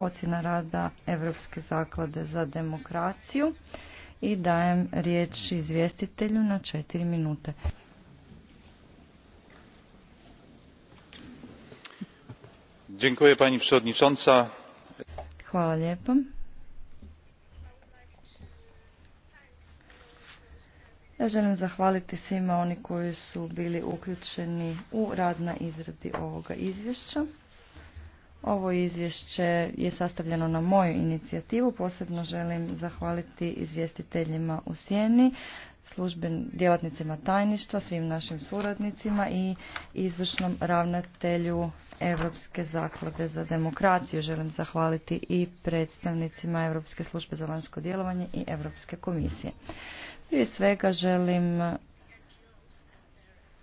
ocjena rada Europske zaklade za demokraciju i dajem riječ izvjestitelju na četiri minute. Dziękuję pani przewodnicząca. Hvala lijepo. Ja želim zahvaliti svima oni koji su bili uključeni u rad na izradi ovoga izvješća. Ovo izvješće je sastavljeno na moju inicijativu. Posebno želim zahvaliti izvjestiteljima u Sjeni, službenim djelatnicima tajništva, svim našim suradnicima i izvršnom ravnatelju Europske zaklade za demokraciju. Želim zahvaliti i predstavnicima Europske službe za vanjsko djelovanje i Europske komisije. Prije svega želim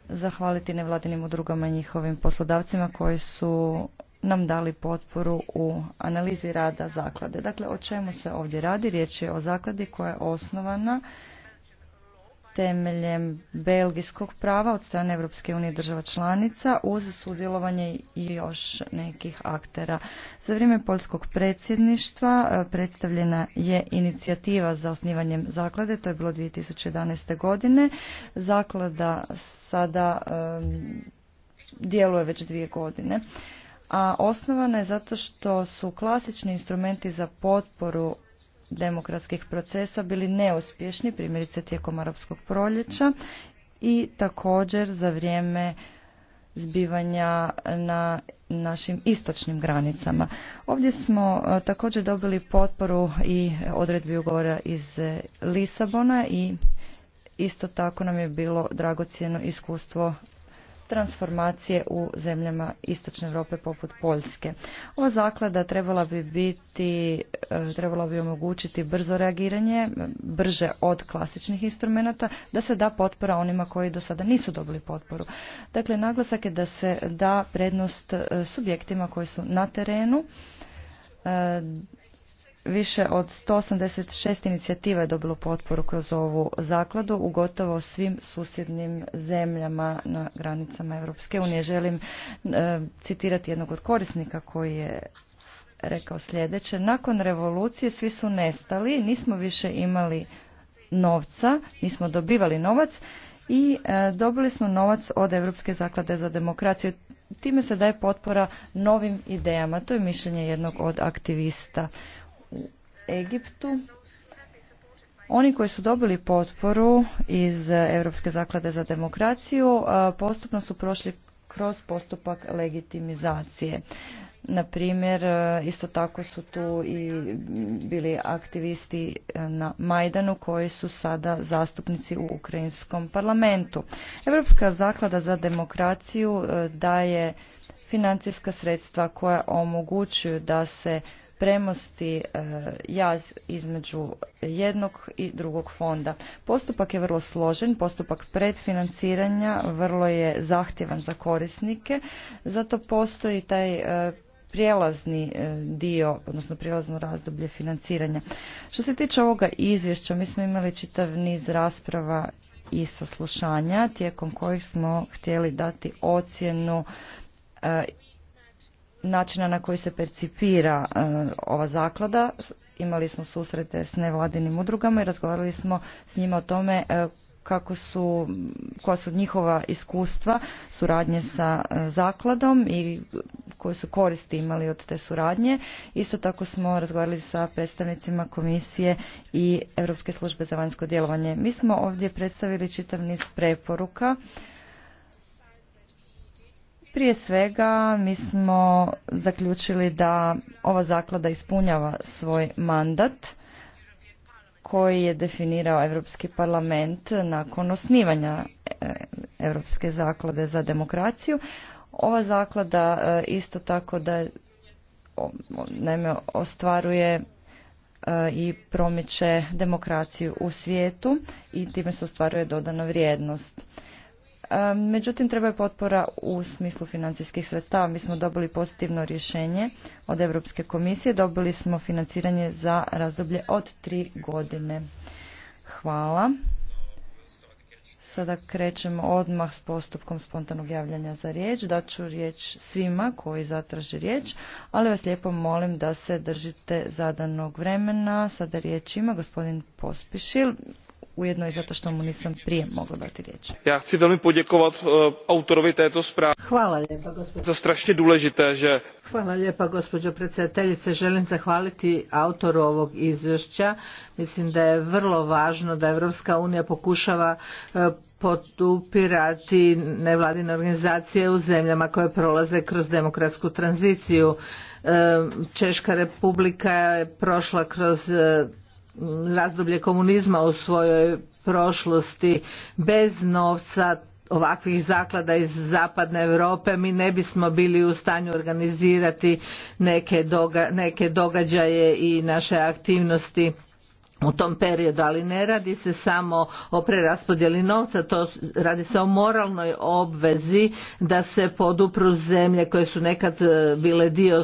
zahvaliti nevladinim udrugama i njihovim poslodavcima koji su nam dali potporu u analizi rada zaklade. Dakle, o čemu se ovdje radi? Riječ je o zakladi koja je osnovana temeljem belgijskog prava od strane Europske unije država članica uz sudjelovanje i još nekih aktera. Za vrijeme poljskog predsjedništva e, predstavljena je inicijativa za osnivanjem zaklade, to je bilo 2011. godine. Zaklada sada um, djeluje već dvije godine a osnovana je zato što su klasični instrumenti za potporu demokratskih procesa bili neuspješni, primjerice tijekom arapskog proljeća i također za vrijeme zbivanja na našim istočnim granicama. Ovdje smo e, također dobili potporu i odredbi ugovora iz Lisabona i isto tako nam je bilo dragocjeno iskustvo transformacije u zemljama Istočne Europe poput Poljske. Ova zaklada trebala bi biti, e, trebala bi omogućiti brzo reagiranje, brže od klasičnih instrumenata, da se da potpora onima koji do sada nisu dobili potporu. Dakle, naglasak je da se da prednost e, subjektima koji su na terenu, e, Više od 186 inicijativa je dobilo potporu kroz ovu zakladu u gotovo svim susjednim zemljama na granicama Europske unije. Želim e, citirati jednog od korisnika koji je rekao sljedeće. Nakon revolucije svi su nestali, nismo više imali novca, nismo dobivali novac i e, dobili smo novac od Europske zaklade za demokraciju. Time se daje potpora novim idejama. To je mišljenje jednog od aktivista Egiptu. Oni koji su dobili potporu iz Europske zaklade za demokraciju postupno su prošli kroz postupak legitimizacije. Na primjer, isto tako su tu i bili aktivisti na Majdanu koji su sada zastupnici u Ukrajinskom parlamentu. Europska zaklada za demokraciju daje financijska sredstva koja omogućuju da se premosti e, jaz između jednog i drugog fonda. Postupak je vrlo složen, postupak predfinanciranja vrlo je zahtjevan za korisnike, zato postoji taj e, prijelazni e, dio, odnosno prijelazno razdoblje financiranja. Što se tiče ovoga izvješća, mi smo imali čitav niz rasprava i saslušanja tijekom kojih smo htjeli dati ocjenu načina na koji se percipira e, ova zaklada. Imali smo susrete s nevladinim udrugama i razgovarali smo s njima o tome e, kako su, koja su njihova iskustva suradnje sa e, zakladom i koje su koristi imali od te suradnje. Isto tako smo razgovarali sa predstavnicima komisije i Europske službe za vanjsko djelovanje. Mi smo ovdje predstavili čitav niz preporuka prije svega mi smo zaključili da ova zaklada ispunjava svoj mandat koji je definirao Europski parlament nakon osnivanja eh, Europske zaklade za demokraciju. Ova zaklada eh, isto tako da naime, ostvaruje eh, i promiče demokraciju u svijetu i time se ostvaruje dodana vrijednost. Međutim, treba je potpora u smislu financijskih sredstava. Mi smo dobili pozitivno rješenje od Europske komisije. Dobili smo financiranje za razdoblje od tri godine. Hvala. Sada krećemo odmah s postupkom spontanog javljanja za riječ. Daću riječ svima koji zatraže riječ, ali vas lijepo molim da se držite zadanog vremena. Sada riječ ima gospodin Pospišil ujedno i zato što mu nisam prije mogla dati riječ. Ja chci velmi poděkovat eh, autorovi této sprave. Hvala lijepa gospođo. Za důležité, že... Hvala lijepa gospođo predsjedateljice. Želim zahvaliti autoru ovog izvješća. Mislim da je vrlo važno da Evropska unija pokušava eh, podupirati nevladine organizacije u zemljama koje prolaze kroz demokratsku tranziciju. Eh, Češka republika je prošla kroz razdoblje komunizma u svojoj prošlosti bez novca ovakvih zaklada iz zapadne Europe mi ne bismo bili u stanju organizirati neke događaje i naše aktivnosti u tom periodu, ali ne radi se samo o preraspodjeli novca, to radi se o moralnoj obvezi da se podupru zemlje koje su nekad e, bile dio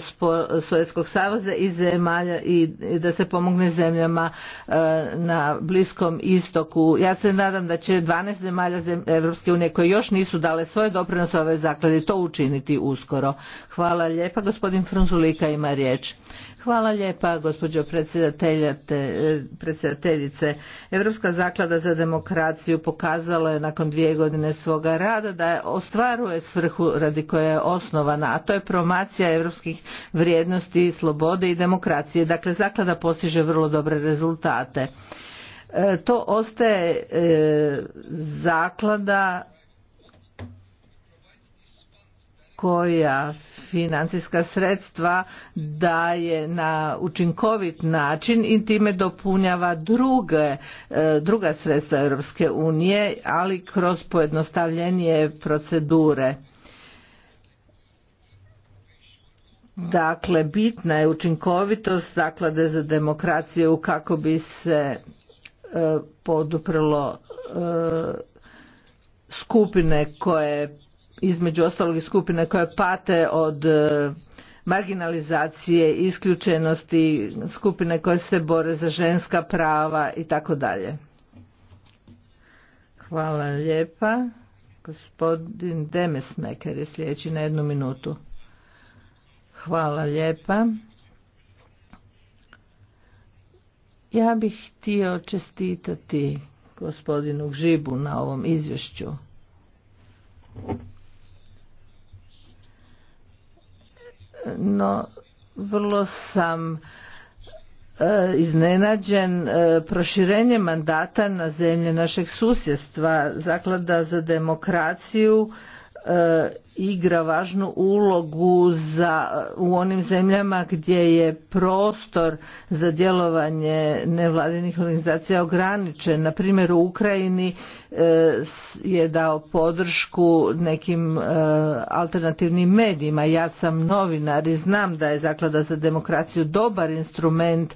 Sovjetskog saveza i zemalja i da se pomogne zemljama e, na Bliskom istoku. Ja se nadam da će 12 zemalja Europske unije koje još nisu dale svoje doprinose ove zaklade to učiniti uskoro. Hvala lijepa. Gospodin Frunzulika ima riječ. Hvala lijepa gospođo predsjedatelja. E, predsjedateljice. Europska zaklada za demokraciju pokazala je nakon dvije godine svoga rada da ostvaruje svrhu radi koje je osnovana, a to je promocija europskih vrijednosti, slobode i demokracije. Dakle, zaklada postiže vrlo dobre rezultate. E, to ostaje e, zaklada koja financijska sredstva daje na učinkovit način i time dopunjava druge, e, druga sredstva Europske unije, ali kroz pojednostavljenije procedure. Dakle, bitna je učinkovitost zaklade za demokraciju kako bi se e, poduprlo e, skupine koje između ostalog skupine koje pate od e, marginalizacije, isključenosti, skupine koje se bore za ženska prava i tako dalje. Hvala lijepa. Gospodin Demesmeker je sljedeći na jednu minutu. Hvala lijepa. Ja bih htio čestitati gospodinu Žibu na ovom izvješću. no vrlo sam e, iznenađen e, proširenje mandata na zemlje našeg susjedstva zaklada za demokraciju E, igra važnu ulogu za, u onim zemljama gdje je prostor za djelovanje nevladinih organizacija ograničen. Na primjer u Ukrajini e, je dao podršku nekim e, alternativnim medijima. Ja sam novinar i znam da je Zaklada za demokraciju dobar instrument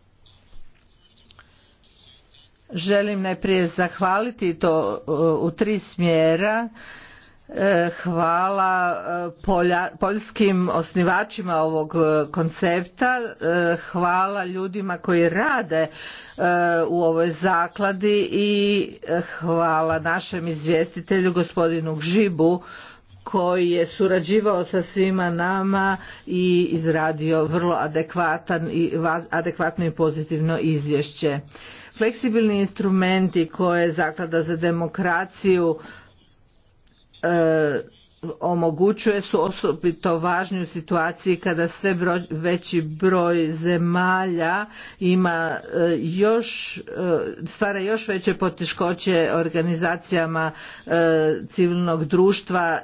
želim najprije zahvaliti to e, u tri smjera e, hvala e, poljskim osnivačima ovog koncepta hvala ljudima koji rade u ovoj zakladi i hvala našem izvjestitelju gospodinu Gžibu koji je surađivao sa svima nama i izradio vrlo adekvatan i adekvatno i pozitivno izvješće fleksibilni instrumenti koje zaklada za demokraciju e, omogućuje su osobito važni u situaciji kada sve broj, veći broj zemalja ima e, još e, stvara još veće poteškoće organizacijama e, civilnog društva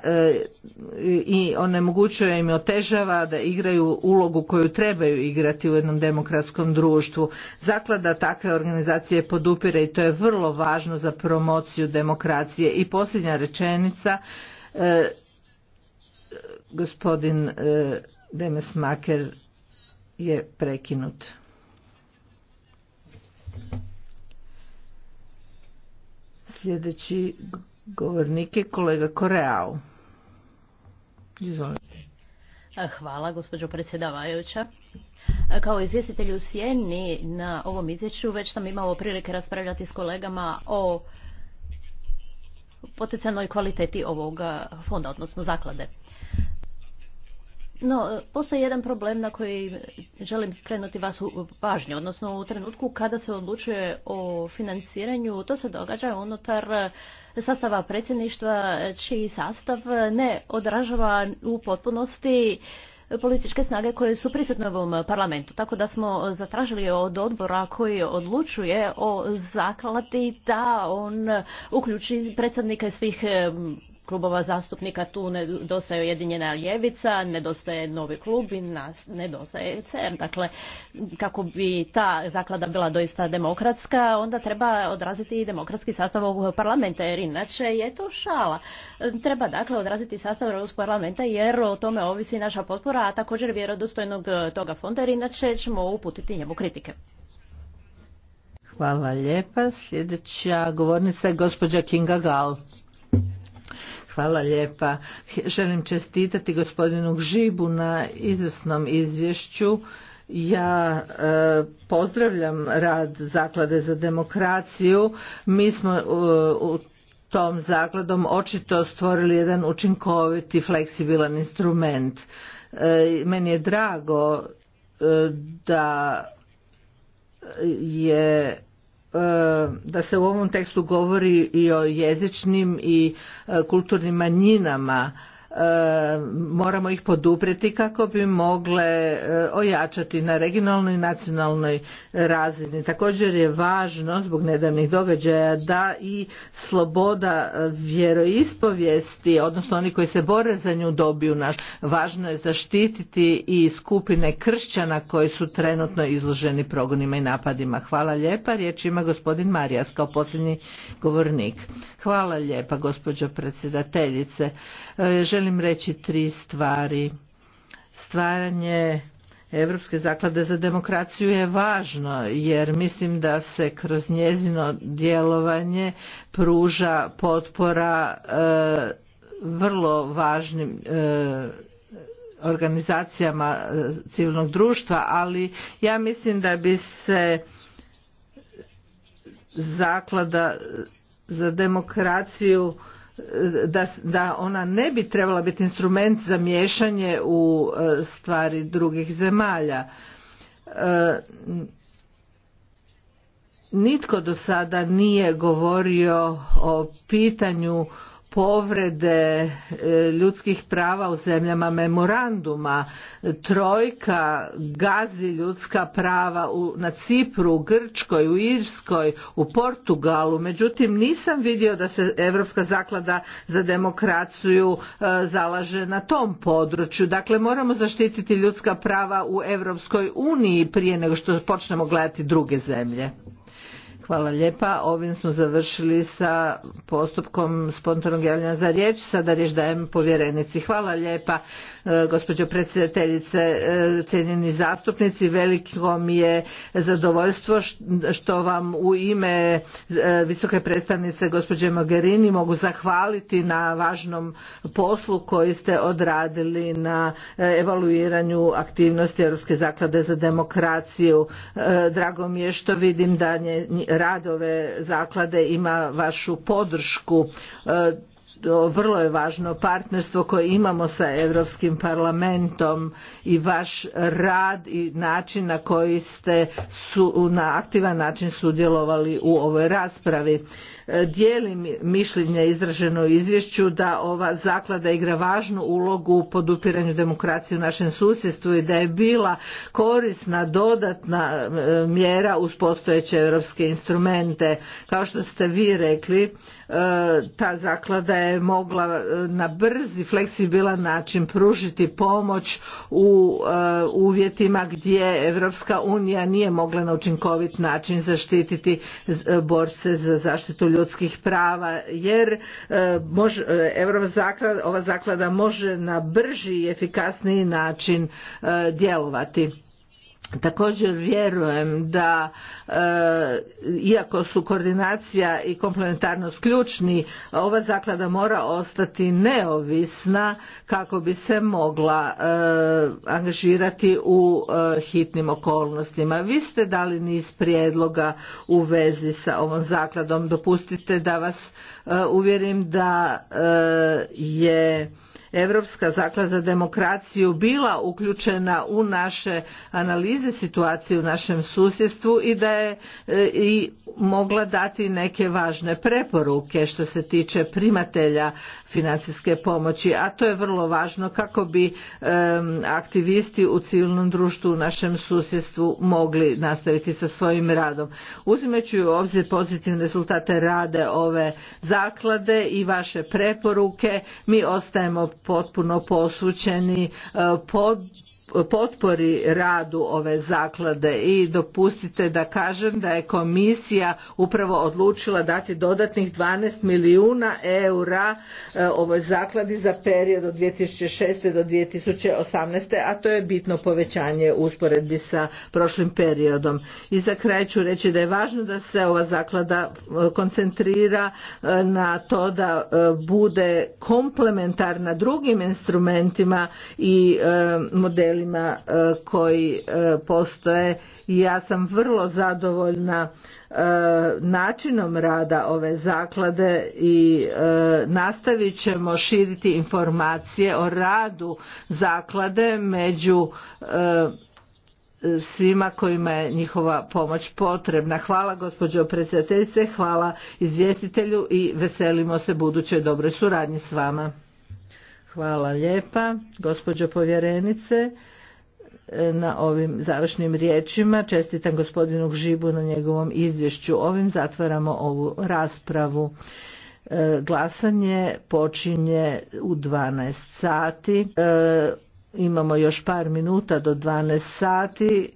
i onemogućuje im otežava da igraju ulogu koju trebaju igrati u jednom demokratskom društvu. Zaklada takve organizacije podupire i to je vrlo važno za promociju demokracije. I posljednja rečenica Gospodin e, Demes Maker je prekinut. Sljedeći govornik je kolega Koreao. Izvolite. Hvala, gospođo predsjedavajuća. Kao izvjestitelj u Sjeni na ovom izvješću već sam imao prilike raspravljati s kolegama o potencijalnoj kvaliteti ovoga fonda, odnosno zaklade. No, postoji jedan problem na koji želim skrenuti u pažnju, odnosno u trenutku kada se odlučuje o financiranju, to se događa unutar sastava predsjedništva, čiji sastav ne odražava u potpunosti političke snage koje su prisutne u ovom parlamentu. Tako da smo zatražili od odbora koji odlučuje o zakladi da on uključi predsjednike svih klubova zastupnika tu nedostaje Ujedinjena ljevica, nedostaje novi klub i nas, nedostaje CR. Dakle, kako bi ta zaklada bila doista demokratska, onda treba odraziti i demokratski sastav ovog parlamenta, jer inače je to šala. Treba dakle odraziti sastav ovog parlamenta, jer o tome ovisi naša potpora, a također vjerodostojnog e, toga fonda, jer inače ćemo uputiti njemu kritike. Hvala lijepa. Sljedeća govornica je gospođa Kinga Gal. Hvala lijepa. Želim čestitati gospodinu Gžibu na izvrsnom izvješću. Ja e, pozdravljam rad Zaklade za demokraciju. Mi smo e, u tom zakladom očito stvorili jedan učinkovit i fleksibilan instrument. E, meni je drago da je E, da se u ovom tekstu govori i o jezičnim i e, kulturnim manjinama E, moramo ih poduprijeti kako bi mogle e, ojačati na regionalnoj i nacionalnoj razini. Također je važno zbog nedavnih događaja da i sloboda vjeroispovijesti, odnosno oni koji se bore za nju dobiju Važno je zaštititi i skupine kršćana koji su trenutno izloženi progonima i napadima. Hvala lijepa. Riječ ima gospodin Marijas kao posljednji govornik. Hvala lijepa gospođo predsjedateljice. E, želim reći tri stvari. Stvaranje Europske zaklade za demokraciju je važno jer mislim da se kroz njezino djelovanje pruža potpora e, vrlo važnim e, organizacijama e, civilnog društva, ali ja mislim da bi se zaklada za demokraciju da, ona ne bi trebala biti instrument za miješanje u e, stvari drugih zemalja. E, nitko do sada nije govorio o pitanju povrede e, ljudskih prava u zemljama memoranduma. Trojka gazi ljudska prava na Cipru, u Grčkoj, u Irskoj, u Portugalu. Međutim, nisam vidio da se Europska zaklada za demokraciju e, zalaže na tom području. Dakle, moramo zaštititi ljudska prava u Evropskoj uniji prije nego što počnemo gledati druge zemlje. Hvala lijepa. Ovim smo završili sa postupkom spontanog javljanja za riječ. Sada riječ dajem povjerenici. Hvala lijepa e, gospođo predsjedateljice, e, cijenjeni zastupnici. Veliko mi je zadovoljstvo što vam u ime e, visoke predstavnice gospođe Mogherini mogu zahvaliti na važnom poslu koji ste odradili na evaluiranju aktivnosti Europske zaklade za demokraciju. Drago mi je što vidim da nje radove zaklade ima vašu podršku e, vrlo je važno partnerstvo koje imamo sa Europskim parlamentom i vaš rad i način na koji ste su, na aktivan način sudjelovali u ovoj raspravi. E, dijelim mišljenje izraženo u izvješću da ova zaklada igra važnu ulogu u podupiranju demokracije u našem susjedstvu i da je bila korisna dodatna e, mjera uz postojeće europske instrumente. Kao što ste vi rekli, e, ta zaklada je je mogla e, na i fleksibilan način pružiti pomoć u e, uvjetima gdje Evropska unija nije mogla na učinkovit način zaštititi e, borce za zaštitu ljudskih prava jer ova zaklada može na brži i efikasniji način djelovati. Također vjerujem da e, iako su koordinacija i komplementarnost ključni, ova zaklada mora ostati neovisna kako bi se mogla e, angažirati u e, hitnim okolnostima. Vi ste dali niz prijedloga u vezi sa ovom zakladom. Dopustite da vas uvjerim da je Europska zaklada za demokraciju bila uključena u naše analize situacije u našem susjedstvu i da je e, i mogla dati neke važne preporuke što se tiče primatelja financijske pomoći, a to je vrlo važno kako bi aktivisti u civilnom društvu u našem susjedstvu mogli nastaviti sa svojim radom. Uzimajući u obzir pozitivne rezultate rade ove zaklade i vaše preporuke, mi ostajemo potpuno posvućeni eh, pod potpori radu ove zaklade i dopustite da kažem da je komisija upravo odlučila dati dodatnih 12 milijuna eura e, ovoj zakladi za period od 2006. do 2018. a to je bitno povećanje u usporedbi sa prošlim periodom. I za kraj ću reći da je važno da se ova zaklada e, koncentrira e, na to da bude komplementarna drugim instrumentima i modelima pravilima e, koji e, postoje i ja sam vrlo zadovoljna e, načinom rada ove zaklade i nastavit ćemo širiti informacije o radu zaklade među svima kojima je njihova pomoć potrebna. Hvala gospođo predsjedateljice, hvala izvjestitelju i veselimo se budućoj dobroj suradnji s vama. Hvala lijepa, gospođo povjerenice, e, na ovim završnim riječima. Čestitam gospodinu Žibu na njegovom izvješću. Ovim zatvaramo ovu raspravu. E, glasanje počinje u 12 sati. E, imamo još par minuta do 12 sati,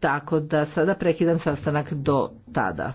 tako da sada prekidam sastanak do tada.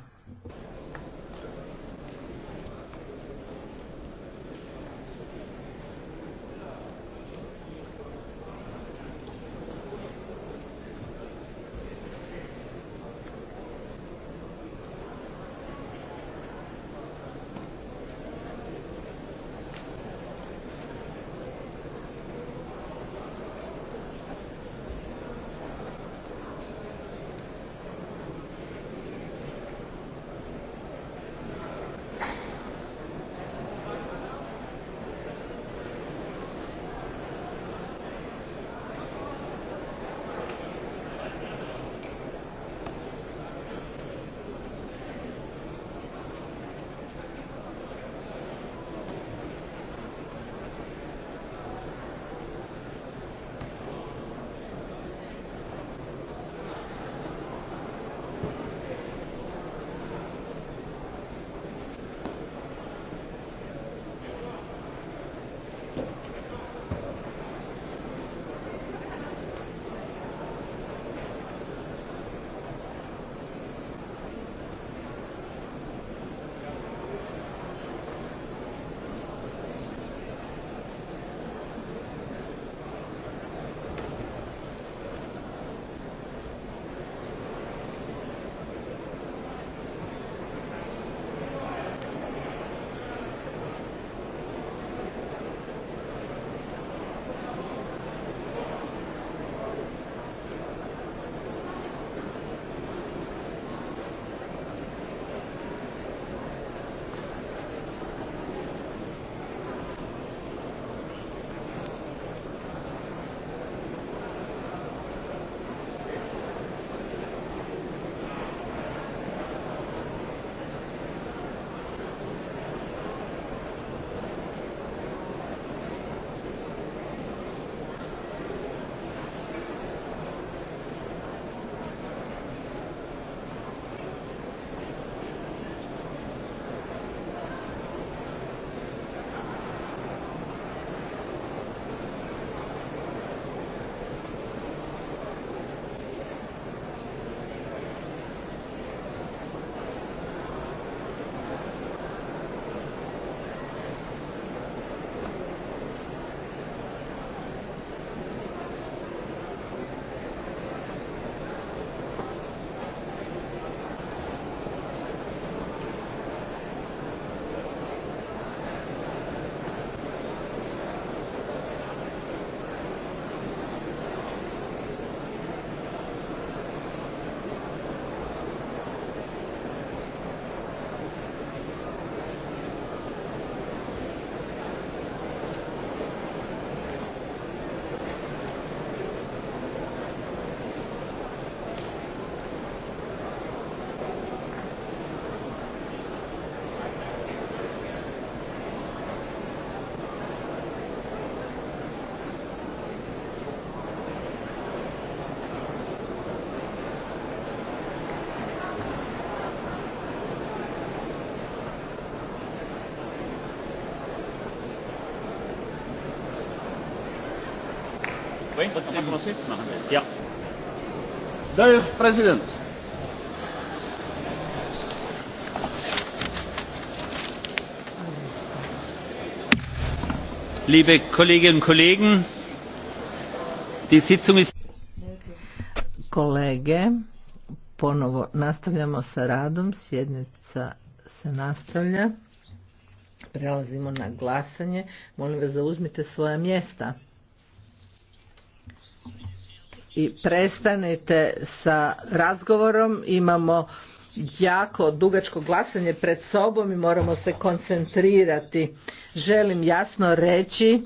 trotzdem was Ja. Liebe Kolleginnen und Kollegen, die Sitzung Kolege, ponovo nastavljamo sa radom, sjednica se nastavlja. Prelazimo na glasanje. Molim vas zauzmite svoja mjesta i prestanite sa razgovorom. Imamo jako dugačko glasanje pred sobom i moramo se koncentrirati. Želim jasno reći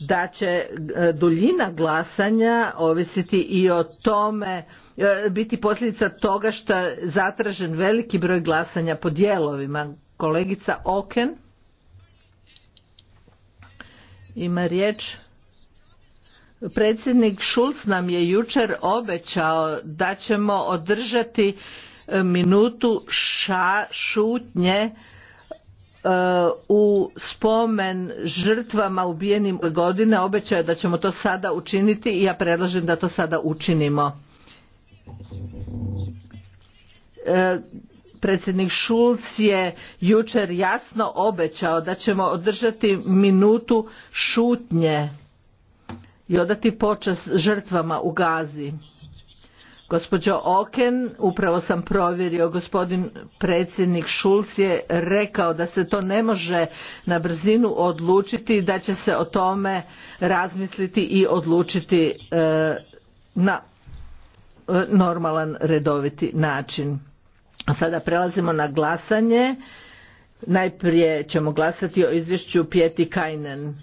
da će e, duljina glasanja ovisiti i o tome e, biti posljedica toga što je zatražen veliki broj glasanja po dijelovima. Kolegica Oken ima riječ. Predsjednik Schulz nam je jučer obećao da ćemo održati e, minutu šutnje e, u spomen žrtvama ubijenim godine obećao je da ćemo to sada učiniti i ja predlažem da to sada učinimo. E, predsjednik Šulc je jučer jasno obećao da ćemo održati minutu šutnje i odati počast žrtvama u Gazi. Gospođo Oken, upravo sam provjerio, gospodin predsjednik Šulc je rekao da se to ne može na brzinu odlučiti i da će se o tome razmisliti i odlučiti e, na e, normalan redoviti način. Sada prelazimo na glasanje. Najprije ćemo glasati o izvješću Pjeti Kajnen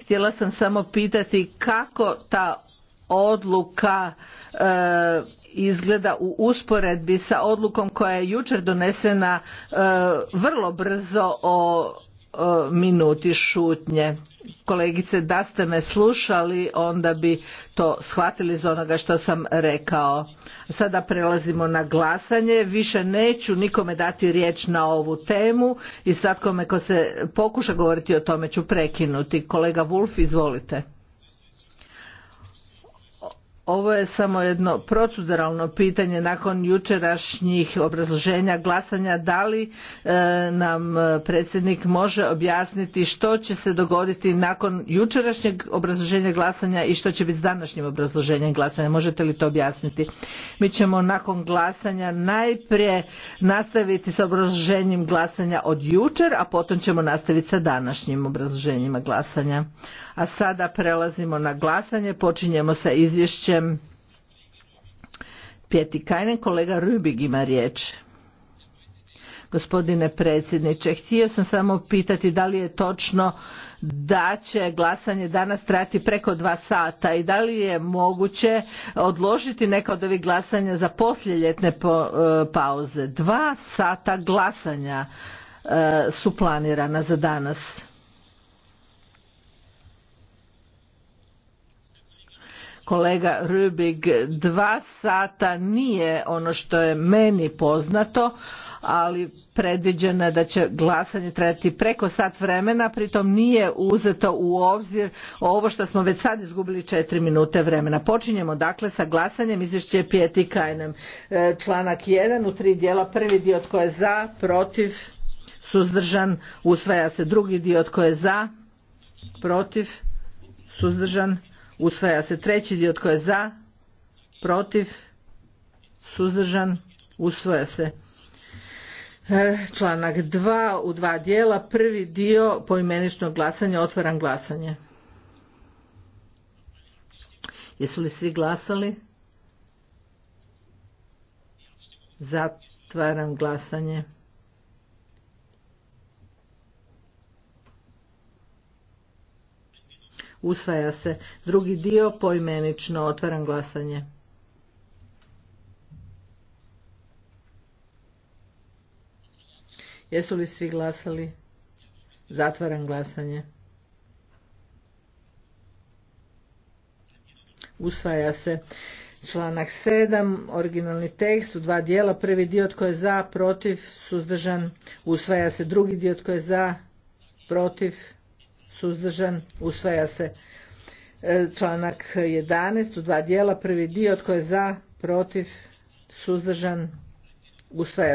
htjela sam samo pitati kako ta odluka e, izgleda u usporedbi sa odlukom koja je jučer donesena e, vrlo brzo o E, minuti šutnje. Kolegice, da ste me slušali, onda bi to shvatili iz onoga što sam rekao. Sada prelazimo na glasanje. Više neću nikome dati riječ na ovu temu i sad kome ko se pokuša govoriti o tome ću prekinuti. Kolega Vulf, izvolite. Ovo je samo jedno proceduralno pitanje nakon jučerašnjih obrazloženja glasanja da li e, nam e, predsjednik može objasniti što će se dogoditi nakon jučerašnjeg obrazloženja glasanja i što će biti s današnjim obrazloženjem glasanja. Možete li to objasniti? Mi ćemo nakon glasanja najprije nastaviti s obrazloženjem glasanja od jučer, a potom ćemo nastaviti sa današnjim obrazloženjima glasanja. A sada prelazimo na glasanje, počinjemo sa izvješćem Pjeti Kajnen, kolega Rubig ima riječ. Gospodine predsjedniče, htio sam samo pitati da li je točno da će glasanje danas trajati preko dva sata i da li je moguće odložiti neka od ovih glasanja za posljeljetne e, pauze. Dva sata glasanja e, su planirana za danas. kolega Rubik, dva sata nije ono što je meni poznato, ali predviđeno je da će glasanje trajati preko sat vremena, pritom nije uzeto u obzir ovo što smo već sad izgubili četiri minute vremena. Počinjemo dakle sa glasanjem izvješće Pjeti Kajnem. E, članak 1 u tri dijela, prvi dio tko je za, protiv, suzdržan, usvaja se drugi dio tko je za, protiv, suzdržan, usvaja se treći dio tko je za protiv suzdržan usvaja se e, članak 2 u dva dijela prvi dio poimeničnog glasanja otvaram glasanje jesu li svi glasali zatvaram glasanje Usvaja se. Drugi dio poimenično. Otvaram glasanje. Jesu li svi glasali? Zatvaram glasanje. Usvaja se članak 7, originalni tekst u dva dijela. Prvi dio tko je za, protiv, suzdržan. Usvaja se drugi dio tko je za, protiv, suzdržan, usvaja se. E, članak 11 u dva dijela, prvi dio tko je za, protiv, suzdržan, usvaja